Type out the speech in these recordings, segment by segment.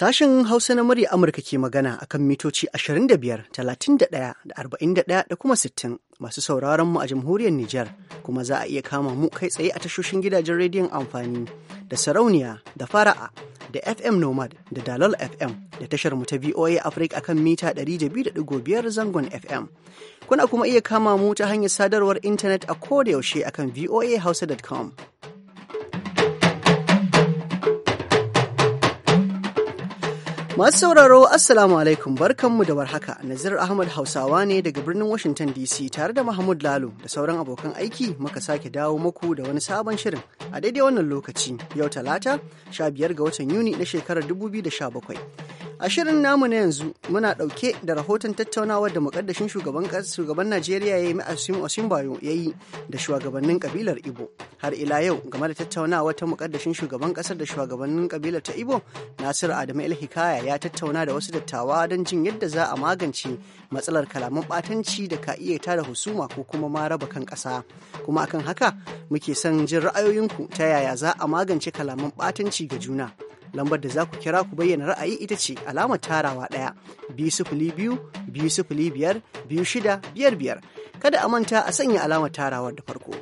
Sashen Hausa na murya Amurka ke magana a kan mitoci 25, 31 da 41 da kuma 60 masu sauraron mu a jamhuriyar Nijar kuma za a iya kama mu kai tsaye a tashoshin gidajen rediyon amfani da sarauniya da fara'a da FM Nomad da Dalal FM da tashar mu ta VOA Africa akan mita 200.5 zangon FM. Kuna kuma iya kama mu ta hanyar sadarwar intanet a koda yaushe akan voahausa.com. Masu sauraro Assalamu alaikum barkanmu da warhaka Nazir Ahmad Hausawa ne daga birnin Washington DC tare da Mahmud Lalo da sauran abokan aiki muka sake dawo muku da wani sabon shirin a daidai wannan lokaci yau talata 15 ga watan Yuni na shekarar 2017. A shirin namu na yanzu muna ɗauke da rahoton tattaunawar da mukaddashin shugaban shugaban Najeriya ya yi Asim Osinbajo ya yi da shugabannin kabilar Ibo. Har ila yau game da tattaunawar ta mukaddashin shugaban ƙasar da shugabannin kabilar ta Ibo, Nasiru Adamu El Hikaya ya tattauna da wasu dattawa don jin yadda za a magance matsalar kalaman batanci da ka iya tada husuma ko kuma ma raba kan ƙasa. Kuma akan haka muke son jin ra'ayoyinku ta yaya za a magance kalaman ɓatanci ga juna. lambar da za ku kira ku bayyana ra'ayi ita ce alama tarawa ɗaya biyu sifili biyu biyu sifili biyar biyu shida biyar biyar kada a manta a sanya alamar tarawar da farko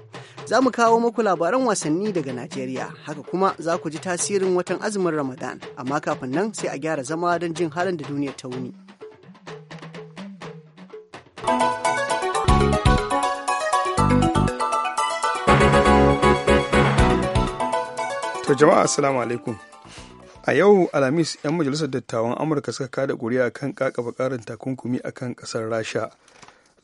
za mu kawo muku labaran wasanni daga najeriya haka kuma za ku ji tasirin watan azumin ramadan amma kafin nan sai a gyara zama don jin halin da duniya ta wuni to jama'a assalamu alaikum a yau alhamis 'yan majalisar dattawan amurka suka kada kuri'a kan kakaba karin takunkumi a kan kasar rasha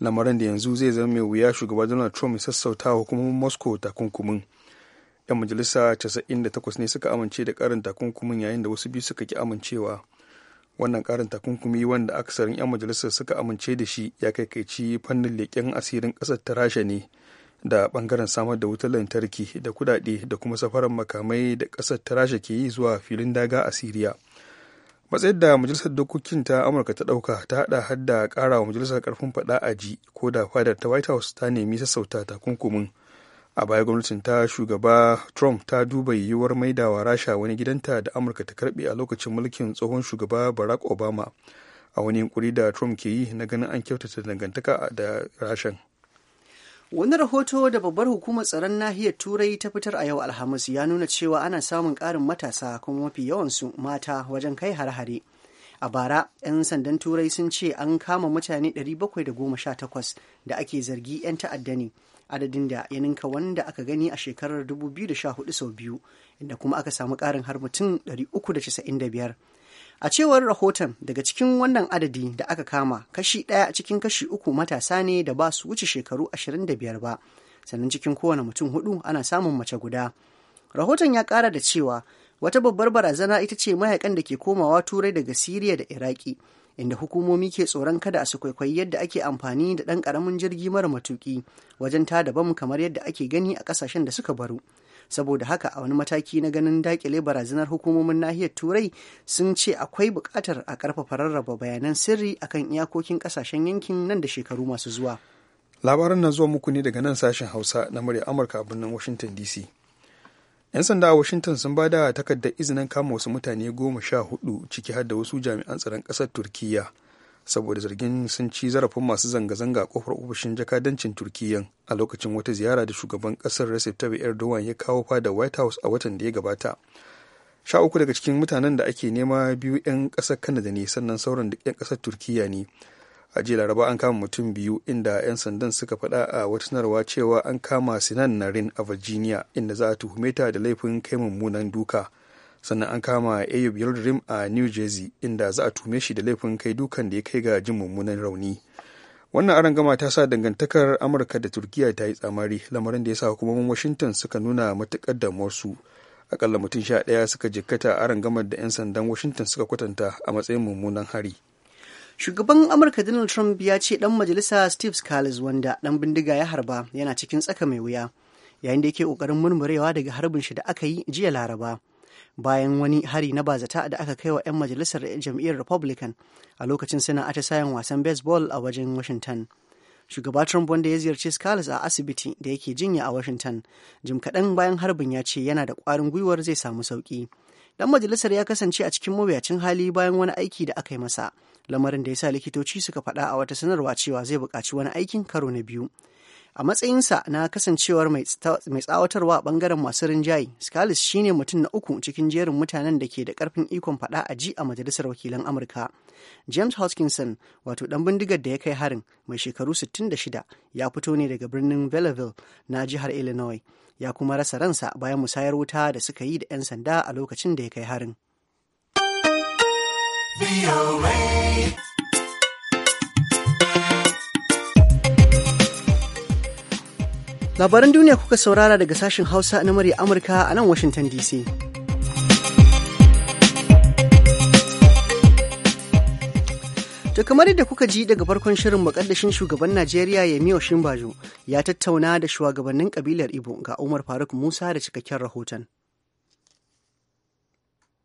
lamarin da yanzu zai zama mai wuya shugaba donald trump sassauta hukumomin moscow takunkumin 'yan majalisa 98 ne suka amince da karin takunkumin yayin da wasu biyu suka ki amincewa wannan karin takunkumi wanda aksarin 'yan majalisar suka amince da shi ya kai kaici fannin leƙen asirin ƙasar ta rasha ne da bangaren samar da wutar lantarki da kudade da kuma safarar makamai da ƙasar ta rasha ke yi zuwa filin daga a siriya matsayin da majalisar dokokin ta amurka ta ɗauka ta haɗa har da ƙara wa majalisar karfin faɗa a ji ko da fadar ta white house ta nemi sassauta takunkumin a baya gwamnatin ta shugaba trump ta duba yiwuwar maidawa rasha wani gidanta da amurka ta karbe a lokacin mulkin tsohon shugaba barack obama a wani yunkuri da trump ke yi na ganin an kyautata dangantaka da rashan Wani rahoto da babbar hukumar tsaron nahiyar Turai ta fitar a yau Alhamis ya nuna cewa ana samun ƙarin matasa kuma mafi yawansu mata wajen kai har hare A bara, 'yan sandan Turai sun ce an kama mutane 718 da ake zargi 'yan ta'adda ne, adadin da ya ninka wanda aka gani a shekarar 2014 sau biyu, inda kuma aka samu karin har mutum 395. a cewar rahoton daga cikin wannan adadi da aka kama kashi ɗaya cikin kashi uku matasa ne da ba su wuce shekaru 25 ba sannan cikin kowane mutum hudu ana samun mace guda rahoton ya ƙara da cewa wata babbar barazana ita ce mayakan da ke komawa turai daga siriya da iraki inda hukumomi ke tsoron kada su kwaikwayi yadda ake amfani da ɗan ƙaramin jirgi mara matuƙi wajen tada bam kamar yadda ake gani a ƙasashen da suka baru saboda haka a wani mataki na ganin dakile barazanar hukumomin nahiyar turai sun ce akwai bukatar a karfafa rarraba bayanan sirri akan iyakokin ƙasashen yankin nan da shekaru masu zuwa labaran na zuwa muku ne daga nan sashen hausa na murya amurka a birnin washington dc 'yan sanda a washington sun bada da takardar izinin kama wasu mutane goma sha hudu ciki har da wasu jami'an tsaron ƙasar turkiyya saboda zargin sun ci zarafin masu zanga-zanga a kofar ofishin jakadancin turkiyyan a lokacin wata ziyara da shugaban kasar recep tayyip erdogan ya kawo fada white house a watan da ya gabata sha uku daga cikin mutanen da ake nema biyu 'yan kasar kanada ne sannan sauran duk 'yan kasar turkiyya ne a jiya laraba an kama mutum biyu inda 'yan sandan suka faɗa a wata sanarwa cewa an kama sinan narin a virginia inda za a tuhume ta da laifin kai mummunan duka sannan an kama ayub yildirim a new jersey inda za a tume shi da laifin kai dukan da ya kai ga jin mummunan rauni wannan arangama ta sa dangantakar amurka da turkiya ta yi tsamari lamarin da ya sa hukumomin washington suka nuna matukar damuwarsu akalla mutum sha ɗaya suka jikkata arangamar da 'yan sandan washington suka kwatanta a matsayin mummunan hari shugaban amurka donald trump ya ce dan majalisa steve scales wanda dan bindiga ya harba yana cikin tsaka mai wuya yayin da yake ƙoƙarin murmurewa daga harbin shi da aka yi jiya laraba bayan wani hari na bazata da aka kai wa 'yan majalisar jam'iyyar republican a lokacin suna atisayen wasan baseball a wajen washington shugaba trump wanda ya ziyarci scales a asibiti da yake jinya a washington jim kaɗan bayan harbin ya ce yana da ƙwarin gwiwar zai samu sauƙi dan majalisar ya kasance a cikin mawuyacin hali bayan wani aiki da aka yi masa lamarin da ya sa likitoci suka faɗa a wata sanarwa cewa zai buƙaci wani aikin karo na biyu a matsayinsa na kasancewar mai tsawatarwa bangaren masu rinjaye scalise shine mutum na uku cikin jerin mutanen da ke da karfin ikon fada a ji a majalisar wakilan amurka james hoskinson wato dan bindigar da ya kai harin mai shekaru 66 ya fito ne daga birnin belleville na jihar illinois ya kuma rasa ransa bayan musayar wuta da suka yi da 'yan sanda a lokacin da ya kai harin. Labaran duniya kuka saurara daga sashen Hausa na murya Amurka a nan Washington DC. To kamar yadda kuka ji daga farkon shirin makaddashin shugaban Najeriya Yemi Oshinbajo ya tattauna da shugabannin kabilar Ibo ga Umar Faruk Musa da cikakken rahoton.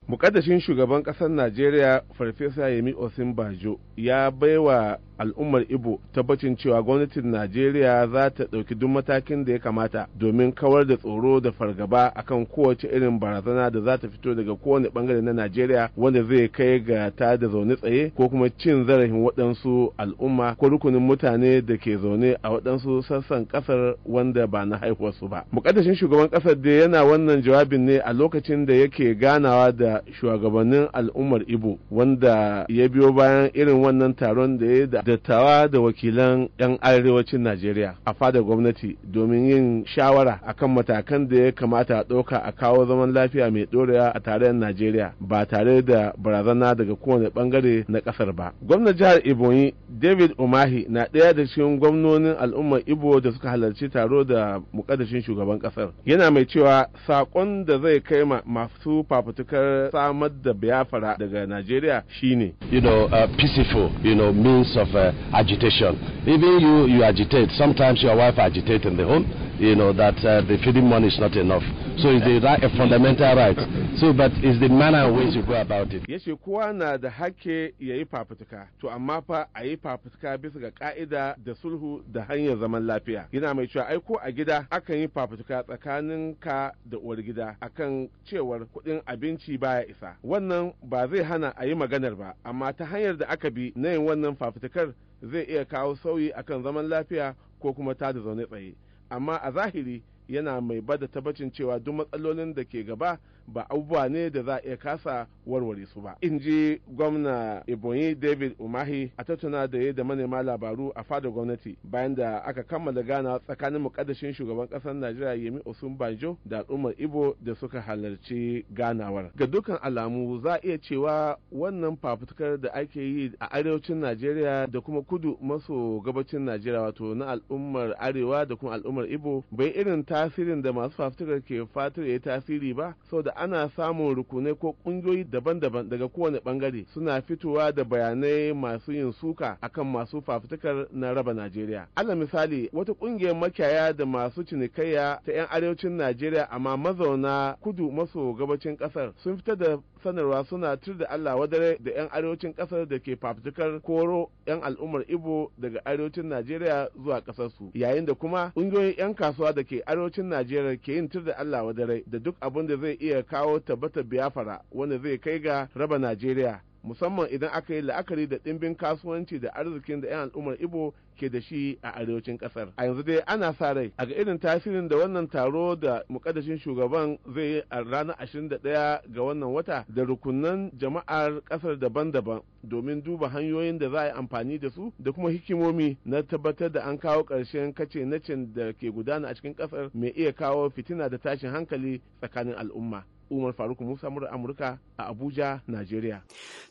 mukaddashin shugaban kasar najeriya farfesa yemi osinbajo ya baiwa al'ummar ibo tabbacin cewa gwamnatin najeriya za ta ɗauki duk matakin da ya kamata domin kawar da tsoro da fargaba akan kowace irin barazana da za ta fito daga kowane bangare na najeriya wanda zai kai ga ta da zaune tsaye ko kuma cin zarafin waɗansu al'umma ko rukunin mutane da ke zaune a waɗansu sassan ƙasar wanda ba na haihuwarsu ba mukaddashin shugaban ƙasar da yana wannan jawabin ne a lokacin da yake ganawa da shugabannin al'ummar Ibo wanda ya biyo bayan irin wannan taron da ya da dattawa da wakilan 'yan arewacin Najeriya a fadar gwamnati domin yin shawara akan matakan da ya kamata a ɗauka a kawo zaman lafiya mai ɗorewa a tarayyar Najeriya ba tare da barazana daga kowane bangare na ƙasar ba. Gwamnan jihar Ebonyi David Umahi na ɗaya da cikin gwamnonin al'ummar Ibo da suka halarci taro da mukaddashin shugaban ƙasar. Yana mai cewa saƙon da zai kai ma masu fafutukar samar da biyafara daga Najeriya shine. You know, uh, peaceful, you know, means of uh, agitation. Even you, you agitate. Sometimes your wife agitate in the home. You know that uh, the feeding money is not enough. So it's the right, a fundamental right. So, but is the manner in which you go about it. Yace kowa na da hake ya yi fafutuka, to amma fa a yi fafutuka bisa ga ka'ida da sulhu da hanyar zaman lafiya. Yana mai cewa aiko a gida akan yi fafutuka tsakanin ka da uwar gida akan cewar kuɗin abinci baya ya isa wannan ba zai hana a yi maganar ba amma ta hanyar da aka bi na yin wannan fafutukar zai iya kawo sauyi akan zaman lafiya ko kuma ta da zaune tsaye amma a zahiri yana mai bada tabbacin cewa duk matsalolin da ke gaba ba abubuwa ne da za a iya kasa warware su ba in ji gwamna ebonyi david umahi a tattuna da ya da manema labaru a fadar gwamnati bayan da aka kammala gana tsakanin mukaddashin shugaban kasar najeriya yemi osun banjo da al'ummar ibo da suka halarci ganawar ga dukkan alamu za a iya cewa wannan fafutukar da ake yi a arewacin najeriya da kuma kudu maso gabacin najeriya wato na al'ummar arewa da kuma al'ummar ibo bai irin tasirin da masu fafutukar ke fatar ya yi tasiri ba saboda ana samun rukunai ko kungiyoyi daban-daban daga kowane bangare suna fitowa da bayanai masu yin suka akan masu fafutukar na raba Najeriya. Ala misali wata kungiyar makiyaya da masu cinikayya ta 'yan arewacin Najeriya amma mazauna kudu maso gabacin kasar sun fitar da sanarwa suna tur da Allah wadare da 'yan arewacin kasar da ke fafutukar koro 'yan al'ummar Ibo daga arewacin Najeriya zuwa su yayin da kuma ƙungiyoyin 'yan kasuwa da ke arewacin Najeriya ke yin tur da Allah wadare da duk abin da zai iya kawo tabbatar biyafara wanda zai kai ga raba Najeriya musamman idan aka yi la'akari da ɗimbin kasuwanci da arzikin da 'yan al'ummar Ibo ke da shi a arewacin kasar a yanzu dai ana sa rai a ga irin tasirin da wannan taro da mukaddashin shugaban zai yi a ranar 21 ga wannan wata da rukunan jama'ar kasar daban-daban domin duba hanyoyin da za a yi amfani da su da kuma hikimomi na tabbatar da an kawo ƙarshen kace nacin da ke gudana a cikin kasar mai iya kawo fitina da tashin hankali tsakanin al'umma Umar Faruk Musa murar Amurka a Abuja, Najeriya.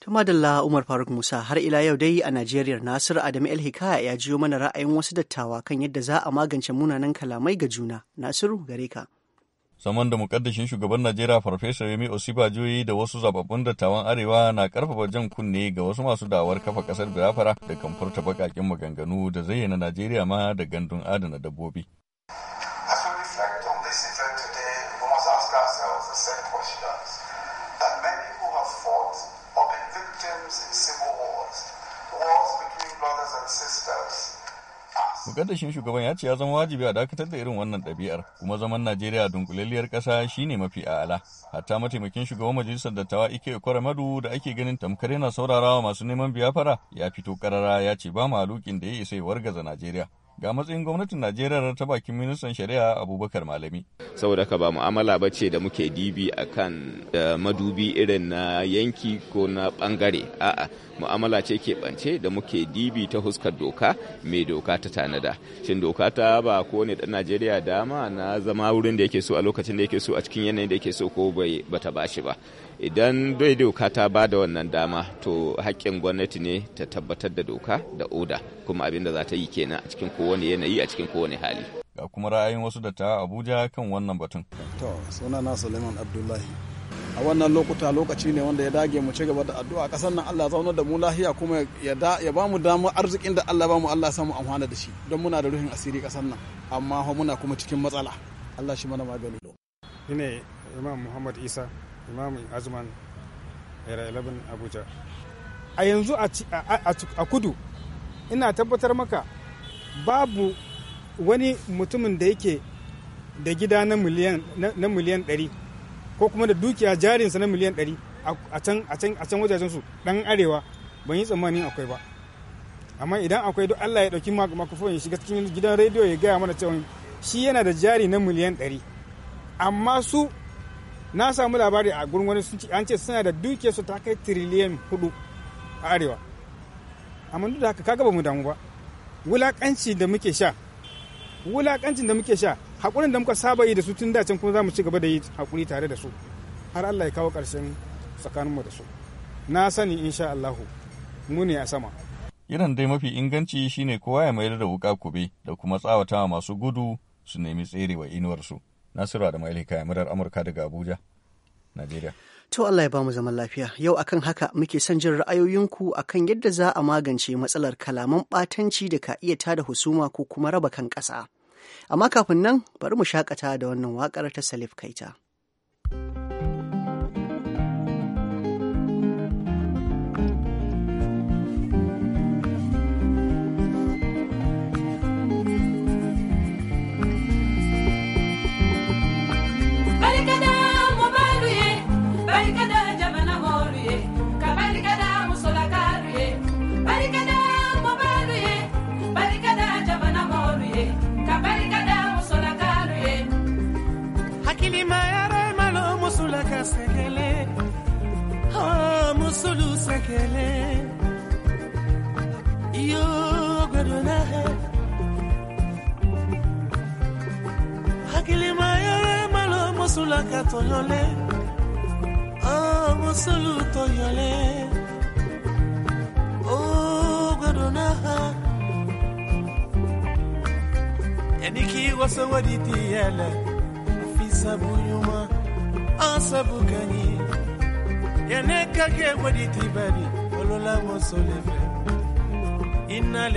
To madalla Umar Faruk Musa har ila yau dai a Najeriya Nasir Adamu El Hikaya ya jiyo mana ra'ayin wasu dattawa kan yadda za a magance munanan kalamai ga juna. Nasiru gare ka. zaman da mukaddashin shugaban Najeriya Farfesa Yemi Osibajoyi da wasu zababbun dattawan Arewa na karfafa jan kunne ga wasu masu dawar kafa kasar birafara da kamfurta bakakin maganganu da zayyana Najeriya ma da gandun adana dabbobi. mukaddashin shugaban ya ce ya zama wajibi a dakatar da irin wannan ɗabi'ar kuma zaman najeriya dunkulalliyar ƙasa shine mafi a'ala hatta mataimakin shugaban majalisar dattawa ike madu da ake ganin tamkar yana saurarawa masu neman biyafara ya fito ƙarara ya ce ba malukin da ya isa ya wargaza najeriya ga matsayin gwamnatin Najeriya ta bakin ministan shari'a Abubakar Malami. Saboda ka ba mu'amala ba ce da muke dibi a akan eh, madubi irin na yanki ko na bangare a'a mu'amala ce ke bance da muke dibi ta huskar doka mai doka ta tanada. Shin doka ta ba ko ne dan Najeriya dama na zama wurin da yake so a lokacin da yake so a cikin yanayin da yake so ko bai bata bashi ba. idan bai doka ta ba da wannan dama to haƙƙin gwamnati ne ta tabbatar da doka da oda kuma abin da za ta yi kenan a cikin kowane yanayi a cikin kowane hali ga kuma ra'ayin wasu da ta abuja kan wannan batun to suna na suleiman abdullahi a wannan lokuta lokaci ne wanda ya dage mu ci gaba da addu'a kasar nan Allah zauna da mu lafiya kuma ya ba mu damar arzikin da Allah ba mu Allah samu amfana da shi don muna da ruhin asiri kasar nan amma muna kuma cikin matsala Allah shi mana magani ne Imam Muhammad Isa imamu azman era 11 abuja a yanzu a kudu ina tabbatar maka babu wani mutumin da yake da gida na miliyan 100 ko kuma da dukiya jarinsa na miliyan 100 a can can wajajen su dan arewa ban yi tsammanin akwai ba amma idan akwai duk Allah ya dauki makafon ya shiga cikin gidan rediyo ya gaya mana cewa shi yana da jari na miliyan 100 amma su na samu labari a gurin wani sun an ce suna da duke su ta kai tiriliyan hudu a arewa amma duk da haka kaga ba mu damu ba wulakanci da muke sha wulakancin da muke sha hakurin da muka saba yi da su tun dacin kuma za mu ci gaba da yi hakuri tare da su har Allah ya kawo ƙarshen tsakaninmu da su na sani insha Allahu mu ne a sama irin dai mafi inganci shine kowa ya mayar da wuka kube da kuma tsawata masu gudu su nemi tserewa inuwarsu Nasiru da ya murar Amurka daga Abuja, Najeriya. To Allah ya ba mu zaman lafiya. Yau akan haka muke son jin ra'ayoyinku akan yadda za a magance matsalar kalaman ɓatanci da ka iya tada husuma ko kuma raba kan ƙasa. Amma kafin nan bari mu shakata da wannan waƙar ta Salif Kaita. ekele iyo ogwedonahe hakilima yole malo mosulaka toyole o oh, mosulu toyole ogwedonaha oh, yaniki wasowoditiyele ofisa bunyuma asabukani yene kake wadi tibari olola ina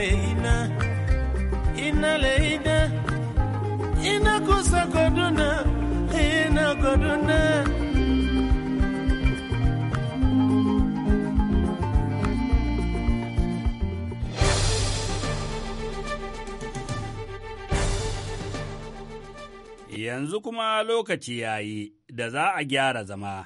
ina ina kosa koduna ina koduna Yanzu kuma lokaci ya yi da za a gyara zama.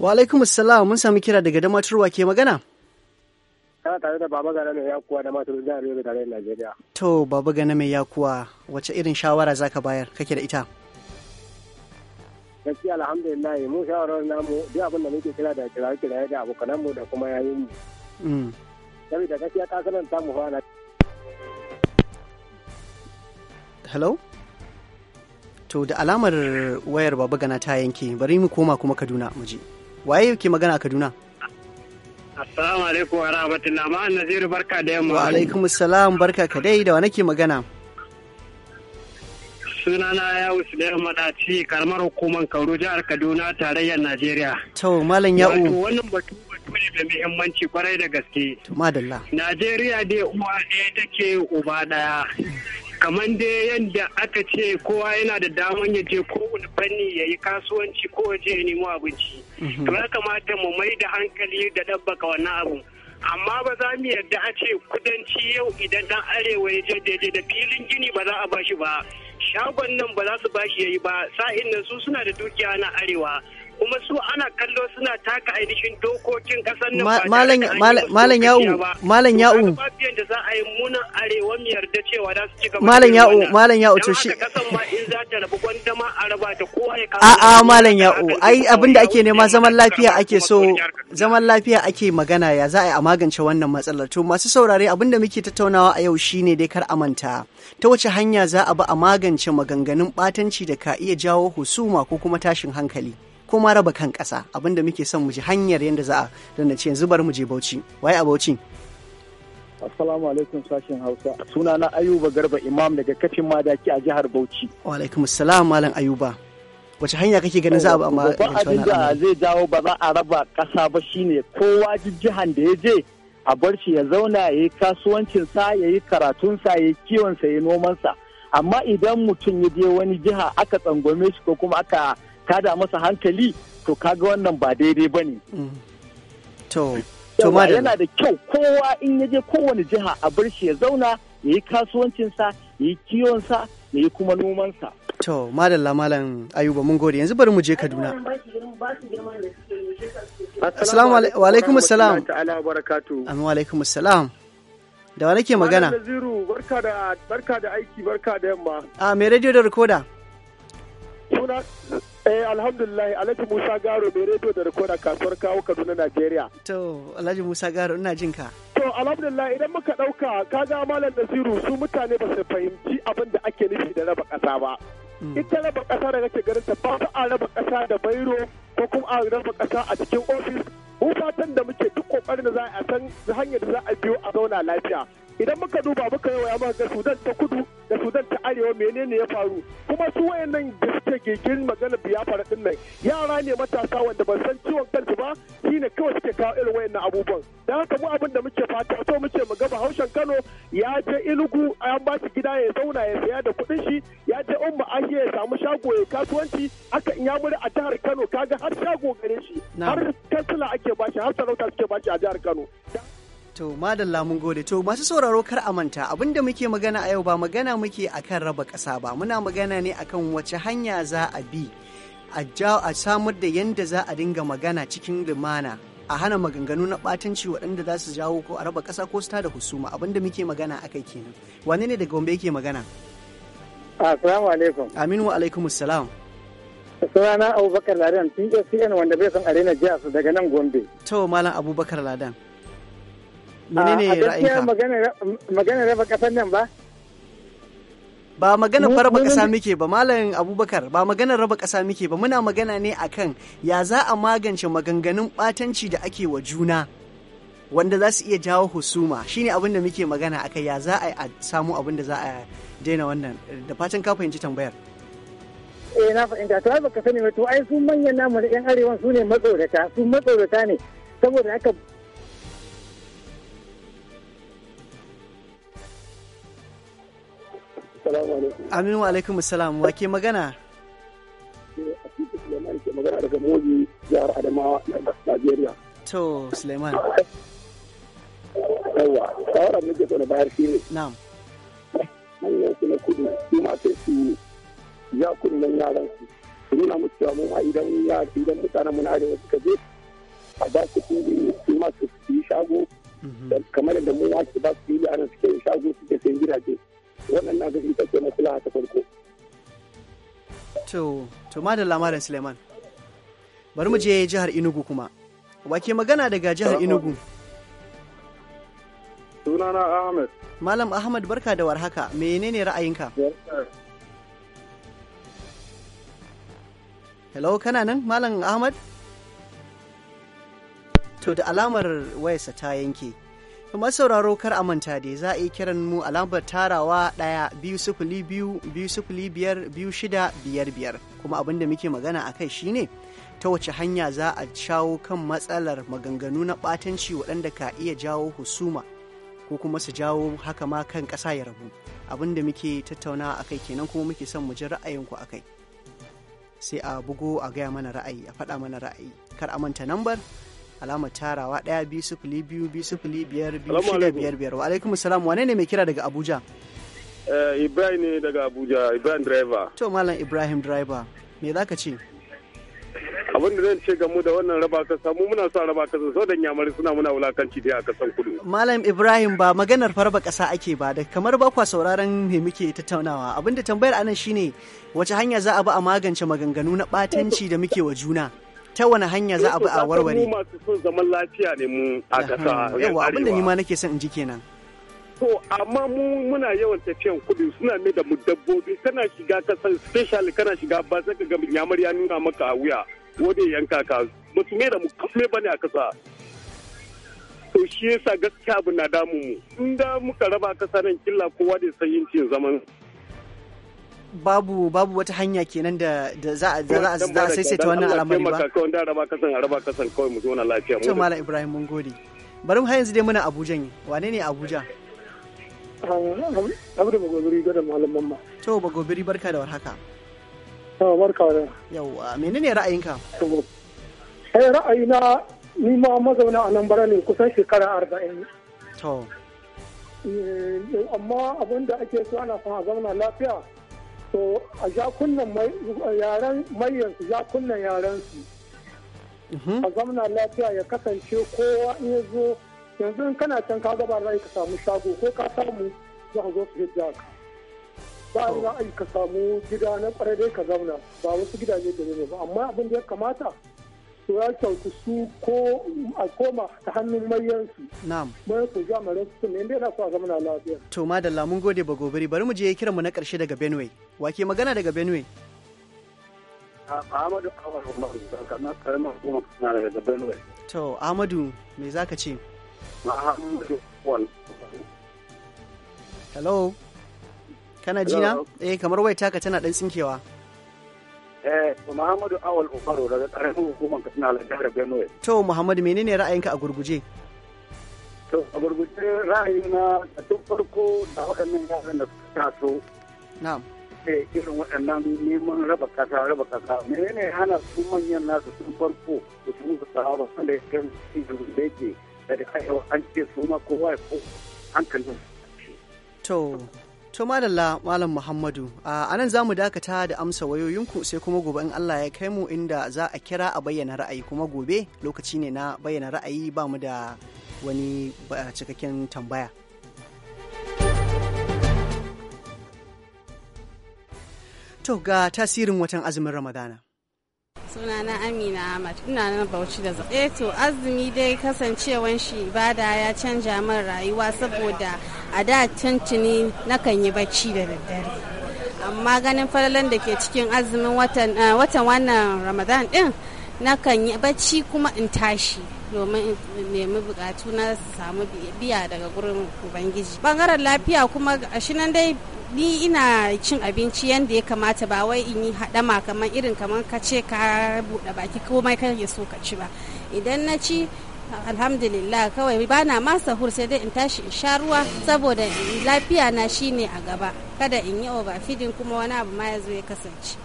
Wa alaikum mun sami kira daga damaturwa ke magana? Kana tare da Baba Gana mai yakuwa da matur jihar Yobe tare da Najeriya. To Baba Gana mai yakuwa wace irin shawara zaka bayar kake da ita? Gaskiya alhamdulillah mu shawarar namu duk abin da muke kira da kira kira da abokanan mu da kuma yayin mm. mu. da gaskiya kasanan ta mu fara. Hello? to da alamar wayar baba gana ta yanke bari mu koma kuma kaduna mu je waye yake magana a kaduna assalamu alaikum wa rahmatullah ma naziru barka da yamma wa alaikum assalam barka ka dai da wa nake magana sunana ya wuce da yamma da ci karamar hukumar kauru jihar kaduna tarayyar najeriya to malam ya'u wannan batu ne da muhimmanci kwarai da gaske to madalla najeriya dai uwa ɗaya take uba ɗaya kamar dai yadda aka ce kowa yana da daman ya je kowane fanni ya yi kasuwanci ko ya je ya nemo abinci mhm. to ya kamata mu mai da hankali da ɗabbaka wannan abu amma ba za mu yarda a ce kudanci yau idan dan arewa ya je daidai da filin gini ba za a bashi ba shagon nan ba za su bashi yayi ba sa'in nan su suna da dukiya na arewa kuma su ana kallo suna taka ainihin dokokin kasar nan ba malam ya'u malam ya'u da za a yi munan arewa mu yarda cewa da su ci gaba malam ya'u malam ya'u to shi kasan ma in za ta rabu gwandama a raba ta kowa ya kawo a'a malam ya'u ai abinda ake nema zaman lafiya ake so zaman lafiya ake magana ya za a yi a magance wannan matsalar to masu saurare abinda muke tattaunawa a yau shine dai kar amanta ta wace hanya za a bi a magance maganganun batanci da ka iya jawo husuma ko kuma tashin hankali ko ma raba kan ƙasa abinda muke son mu ji hanyar yadda za a dana ce yanzu bari mu je Bauchi waye a Bauchi Assalamu alaikum sashin Hausa na Ayuba Garba Imam daga kafin Madaki a jihar Bauchi Wa alaikum assalam malam Ayuba wace hanya kake ganin za a ba abin da zai jawo ba za a raba ƙasa ba shine kowa jihan da ya je a bar shi ya zauna ya yi kasuwancinsa ya yi sa ya yi sa ya yi nomansa amma idan mutum ya je wani jiha aka tsangwame shi ko kuma aka Ka da masa hankali to kaga wannan ba daidai ba ne. yana da kyau kowa in ya je kowane jiha a bar shi ya zauna ya yi kasuwancinsa ya yi kiwonsa ya yi kuma nomansa. To, madalla malam Ayuba mun gode yanzu bari mu je Kaduna. Assalamu alaikum salam. Amin wa alaikum salam. Da wa nake magana? Barka da barka da aiki barka da yamma. A ah, me radio da rikoda? Eh alhamdulillah Alhaji Musa Garo mai rediyo da rikoda kasuwar kawo Kaduna Najeriya. To Alhaji Musa Garo ina jin ka. To alhamdulillah idan muka dauka kaga malam Nasiru su mutane ba su fahimci abin da ake nufi da raba kasa ba. Mm. Ita raba kasa da kake garin ta ba a raba kasa da bairo ko kuma a raba kasa a cikin ofis. Mu fatan da muke duk kokarin da za a san hanyar da za a biyo a zauna lafiya. idan muka duba muka yawa yamma ga sudan ta kudu da sudan ta arewa menene ya faru kuma su wayannan da suke gigin magana biyafara din nan yara ne matasa wanda ban san ciwon kansu ba shine kawai suke kawo irin wayannan abubuwan dan haka mu abin da muke fata so muke mu gaba haushen Kano ya je Inugu an ba shi gida ya zauna ya saya da kuɗin shi ya je Umma Ahiya ya samu shago ya kasuwanci aka in ya muri a jihar Kano kaga har shago gare shi har kansila ake bashi har sarauta suke bashi a jihar Kano To madalla mun gode to masu sauraro kar a manta abinda muke magana a yau ba magana muke akan raba ƙasa ba muna magana ne akan wace hanya za a bi a samar da yanda za a dinga magana cikin lumana a hana maganganu na ɓatanci waɗanda za su jawo ko a raba ƙasa ko su tada husuma abinda muke magana akai kenan wane ne daga Gombe yake magana assalamu alaikum aminu wa alaikum assalam sunana abubakar ladan pscn wanda bai san arena jihar daga nan gombe to malam abubakar ladan menene ra'ayinka magana raba kasar nan ba ba magana raba kasa muke ba malam abubakar ba magana raba kasa muke ba muna magana ne akan ya za a magance maganganun batanci da ake wa juna wanda za su iya jawo husuma shine abin da muke magana akai ya za a samu abin da za a daina wannan da fatan ka fahimci tambayar eh na fahimta to ai baka sani ba to ai su manyan namu da yan arewan su ne matsorata su matsorata ne saboda haka Assalamu alaikum. Amin wa alaikum assalam. Wa ke magana? Adamawa To Suleiman. Yawwa, shawarar nake so bayar shi ne. Na'am. Manyan su na kudu, su ma sai su yaran su. Su nuna cewa mu ma idan ya idan mutanen mu na arewa suka je a ba su su ma su yi shago. Mhm. Kamar yadda mu ma ba su yi shago sayan gidaje. waɗannan ga ita ce maslaha ta farko to to da lamarin suleiman bari mu je jihar inugu kuma Wa ke magana daga jihar inugu sunana ahmed malam ahmed barka da warhaka menene ra'ayinka hello kana nan malam ahmed to da alamar wayarsa ta yanke masauraro kar a manta da za a yi kiran mu a tarawa ɗaya biyu sifili biyu biyu sifili biyar biyu shida biyar biyar kuma abin da muke magana a kai shine ta wace hanya za a shawo kan matsalar maganganu na ɓatanci waɗanda ka iya jawo husuma ko kuma su jawo haka ma kan ƙasa ya rabu abin da muke tattauna a kai kenan kuma muke son mu ji ra'ayinku a kai sai a bugo a gaya mana ra'ayi a faɗa mana ra'ayi kar a manta nambar alamar tarawa ɗaya biyu sifili biyu biyu sifili biyar biyu shida biyar biyar wa alaikum salam wane ne mai kira daga abuja eh, ibrahim ne daga abuja ibrahim driver to malam ibrahim driver me za ka ce abin da zan ce gamu da wannan raba kasa mu muna son raba kasa so da nyamari suna muna wulakanci dai a kasan kudu malam ibrahim ba maganar farba kasa ake ba da kamar ba kwa sauraron me muke tattaunawa abin da tambayar anan shine wace hanya za a ba a magance maganganu na batanci da muke wa juna ta wani hanya za a bi a warware mu masu son zaman lafiya ne mu a ni ma nake son in ji kenan to amma mu muna yawan tafiyan kudu suna mai da mu dabbobi kana shiga kasan special kana shiga ba sai ka ga yamar ya nuna maka a wuya wanda yanka ka ba su mai da mu kame ne a kasa to shi yasa gaskiya abu na damu mu in da muka raba kasa nan killa kowa da san yin zaman babu babu wata hanya kenan da da za a za a saisaita wannan al'amari ba. Kawai da raba kasan raba kasan kawai mu zauna lafiya. To Malam Ibrahim mun gode. Bari mu har yanzu dai muna Abuja ne. Wane ne Abuja? Ah, Abu da Bagobiri ga da Malam Mamma. To Bagobiri barka da warhaka. To ah, barka da. yawa menene ra'ayinka? Eh ra'ayina ni ma mazauna a nan bara ne kusan shekara 40. To. Eh, amma abin da ake so ana son a zauna lafiya to a jakunan yaren mayansu jakunan yarensu mhm. a zamana lafiya ya kasance kowa in ya zo yanzu in kana can ka gaba ra'ayi ka samu shago ko ka samu za ka zo su hijja ka ba ra'ayi oh. ka samu gida na kwarai dai ka zauna ba wasu gidaje da ne ba amma abin da ya kamata su ya kyautu su ko a koma ta hannun mayansu. Na'am. Bayan ku ja mara su ne inda yana so a zama na lafiya. To madalla mun gode ba gobiri bari mu je ya kiran mu na karshe daga Benue. Wa ke magana daga Benue? Ahmadu Awar Umar na karamar kuma na daga Benue. To Ahmadu me za ka ce? Muhammadu Wal. Hello. Kana jina? Eh kamar wai taka tana dan tsinkewa. Eh, Muhammadu Awal Umaru daga ƙaramin hukumar Katsina Alhajar Benue. To Muhammadu menene ra'ayinka a gurguje? To a gurguje ra'ayina a duk farko da waɗannan yaran da suka taso. Na'am. Eh, irin waɗannan neman raba kasa raba kasa menene hana su manyan nasu sun farko su su musu sahaba sanda ya kan cikin da yake da da an ce su ma kowa ya ko hankalin. To. To madalla Malam Muhammadu, a nan za mu dakata da amsa wayoyinku sai kuma gobe in Allah ya kai mu inda za a kira a bayyana ra'ayi kuma gobe lokaci ne na bayyana ra'ayi ba mu da wani cikakken tambaya. To ga tasirin watan azumin Ramadana. sunana amina ahmad ina nan bauchi da eh to azumi dai kasancewan shi ibada ya canja min rayuwa saboda a da tuntuni nakan yi bacci da daddare amma ganin falalan da ke cikin azumin watan eh, wannan ramadan din nakan yi bacci kuma in tashi domin nemi bukatu na samu biya daga gurin ubangiji bangaren lafiya kuma a nan dai ni ina cin abinci yadda ya kamata ba wai in yi haɗama kamar irin kamar ka ce ka buɗe baki komai ka so ka ci ba idan na ci alhamdulillah kawai bana ma sahur sai dai in tashi in sha ruwa saboda lafiya na shine a gaba kada in yi feeding kuma wani abu ma ya zo ya kasance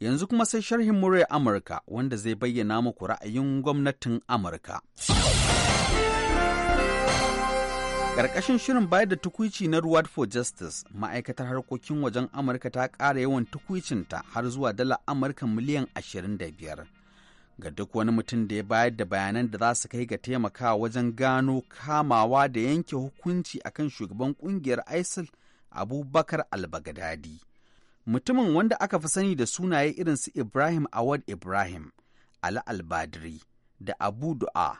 yanzu kuma sai sharhin murya amurka wanda zai bayyana muku ra'ayin gwamnatin amurka Ƙarƙashin shirin bayar da tukuici na Reward for Justice, ma'aikatar harkokin wajen Amurka ta ƙara yawan tukuicinta har zuwa dala Amurka miliyan 25. ga duk wani mutum da ya bayar da bayanan da za su kai ga taimakawa wajen gano kamawa da yanke hukunci akan shugaban kungiyar isil abubakar albagadadi mutumin wanda aka fi sani da sunaye irin su ibrahim awad ibrahim ali albadiri da abu du'a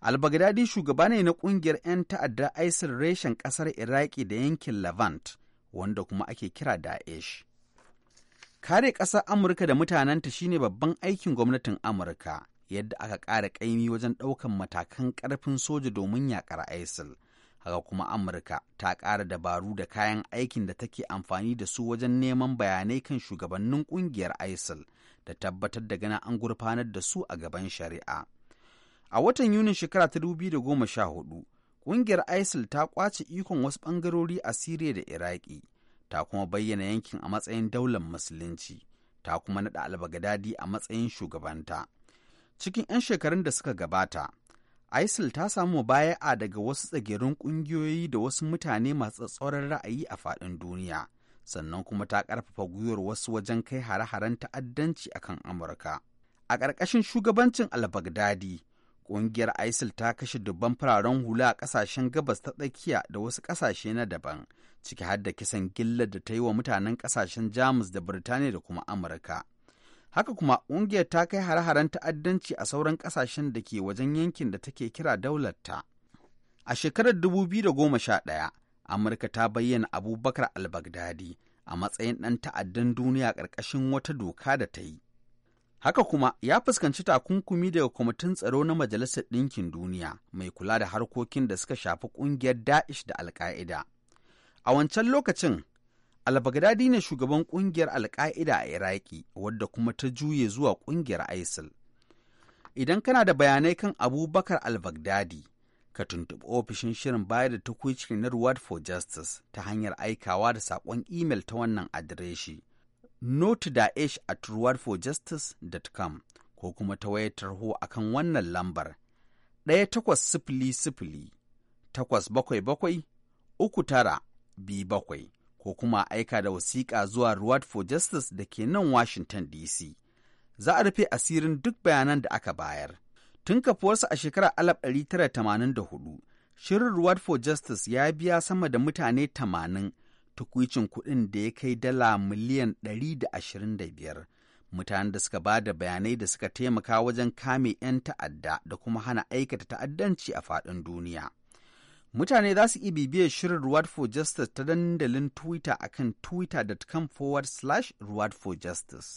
albagadadi shugaba ne na kungiyar 'yan ta'adda isil reshen kasar iraki da yankin levant wanda kuma ake kira daesh Kare ƙasar Amurka da mutanenta shine babban aikin gwamnatin Amurka, yadda aka ƙara ƙaimi wajen ɗaukan matakan ƙarfin soja domin yaƙar ISIL. Haka kuma Amurka ta ƙara dabaru da kayan aikin da take amfani da su wajen neman bayanai kan shugabannin ƙungiyar ISIL da tabbatar da gana an gurfanar da su a gaban shari'a. A watan Yunin shekara ta 2014, ƙungiyar ISIL ta ƙwace ikon wasu ɓangarori a Siriya da Iraki. ta kuma bayyana yankin a matsayin daular musulunci ta kuma naɗa albagadadi a matsayin shugabanta cikin 'yan shekarun da suka gabata isil ta samu baya'a daga wasu tsagerun ƙungiyoyi da wasu mutane masu tsatsauran ra'ayi a faɗin duniya sannan kuma ta ƙarfafa gwiwar wasu wajen kai hare-haren ta'addanci akan amurka a ƙarƙashin shugabancin albagdadi ƙungiyar isil ta kashe dubban fararen hula a ƙasashen gabas ta tsakiya da wasu ƙasashe na daban ciki har da kisan gillar da ta yi wa mutanen kasashen jamus da birtaniya da kuma amurka haka kuma ƙungiyar ta kai har haren ta'addanci a sauran kasashen da ke wajen yankin da take kira daularta a shekarar 2011 amurka ta bayyana abubakar al-baghdadi a matsayin ɗan ta'addan duniya ƙarƙashin wata doka da ta yi haka kuma ya fuskanci takunkumi daga kwamitin tsaro na majalisar ɗinkin duniya mai kula da harkokin da suka shafi ƙungiyar da'ish da alka'ida A wancan lokacin, al-Baghdadi ne shugaban ƙungiyar Alƙa'ida a Iraki, wadda kuma ta juye zuwa kungiyar ISIL. Idan kana da bayanai kan Abubakar al ka tuntubi ofishin shirin bayar da tukuici na Reward for Justice ta hanyar aikawa da saƙon imel ta wannan adireshi. Note Daesh at rewardforjustice.com ko kuma ta wayar tarho a kan wannan lambar ɗaya takwas sifili sifili takwas bakwai bakwai uku tara bakwai ko kuma aika da wasiƙa zuwa Reward for Justice da ke nan Washington DC. Za a rufe asirin duk bayanan da aka bayar. Tun kafuwarsa a shekarar 1984, shirin Reward for Justice ya biya sama da mutane 80 tukwicin kuɗin da ya kai dala miliyan 125. Mutanen da suka ba da bayanai da suka taimaka wajen kame 'yan ta'adda da kuma hana aikata ta'addanci a faɗin duniya. Mutane za su iya bibiyar shirin Reward for Justice ta dandalin Twitter akan twitter.com forward slash Reward for Justice.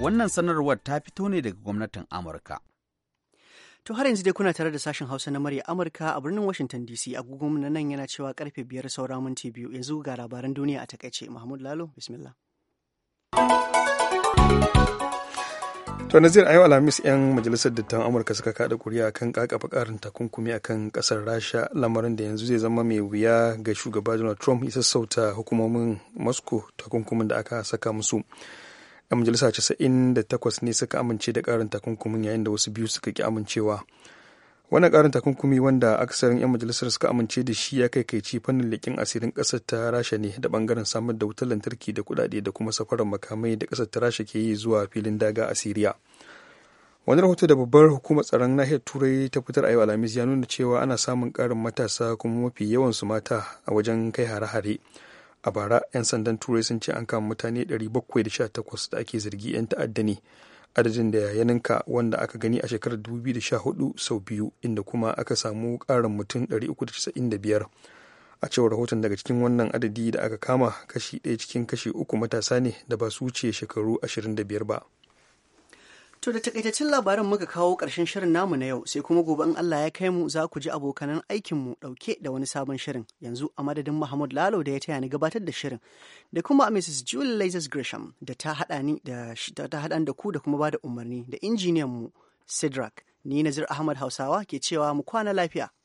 Wannan sanarwar ta fito ne daga gwamnatin Amurka. To har yanzu dai kuna tare da sashen Hausa na murya Amurka a birnin Washington DC agogo na nan yana cewa karfe biyar saura minti biyu yanzu ga labaran duniya a takaice Mahmud Lalo bismillah. To Nazir a yau Alhamis 'yan majalisar dattawan Amurka suka kada kuri'a kan kakafa karin takunkumi a kan kasar Rasha lamarin da yanzu zai zama mai wuya ga shugaba Donald Trump ya sassauta hukumomin Moscow takunkumin da aka saka musu. 'Yan majalisa 98 ne suka amince da karin takunkumin yayin da wasu biyu suka ki amincewa. wannan karin takunkumi wanda aksarin 'yan majalisar suka amince da shi ya kai kai ci fannin leƙin asirin ƙasar ta rasha ne da bangaren samar da wutar lantarki da kuɗaɗe da kuma safarar makamai da ƙasar ta rasha ke yi zuwa filin daga a siriya wani rahoto da babbar hukumar tsaron nahiyar turai ta fitar a yau alhamis ya nuna cewa ana samun ƙarin matasa kuma mafi yawan su mata a wajen kai hare-hare a bara 'yan sandan turai sun ce an kama mutane 718 da ake zargi 'yan ta'adda ne adadin da ya wanda aka gani a shekarar 2014 sau biyu inda kuma aka samu ƙarin mutum 395 a cewar rahoton daga cikin wannan adadi da aka kama kashi ɗaya cikin kashi uku matasa ne da ba su wuce shekaru 25 ba To da takaitaccen labarin muka kawo ƙarshen shirin namu na yau sai kuma gobe in Allah ya kai mu za ku ji abokanan aikinmu ɗauke da wani sabon shirin yanzu a madadin Muhammad Lalo da ya taya ni gabatar da shirin da kuma Mrs. Julie Lazarus Gresham da ta haɗa ni da ta haɗa da ku da kuma bada umarni da injiniyan mu Sidrak ni Nazir Ahmad Hausawa ke cewa mu kwana lafiya.